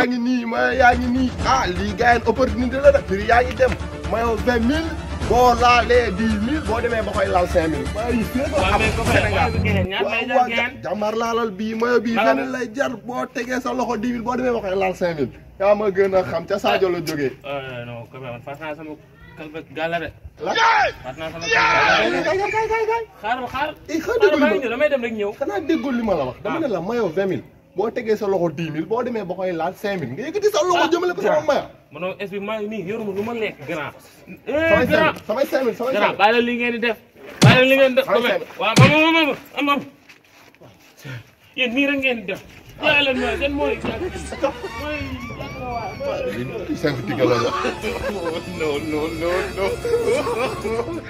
yaa ngi nii ma yaa ah lii gars yi opportunité la nag prix yaa dem mayoo vingt mille boo laalee dix mille boo ba koy laal cinq mille. yi fii la am Sénégal waaw waaw mayo bii feneen lay jar boo tegee sa loxo dix mille boo ba koy laal cinq mille. ma gën xam ca Sadio la jógee. non non fas naa sama kalfe gàlla de. la fas naa sama kalfe dem rek li ma la wax. dama la mayo boo tegee sa loxo dix mille boo demee ba koy laal cinq mille nga yëkkati sa loxo ah, jëmale ko sama maya. ma ne est-ce que maa ngi nii yoruma lu ma lekk grand. Eh, samay cinq mille samay cinq mille samay grand bàyyi la li ngeen di def. bàyyi la li ngeen di def comme waaw ma ma ma ma yéen nii rek ngeen di def. waaw leen mooy seen mooy jàpp mooy jàpp la waaw. cinq tigga la non non non non.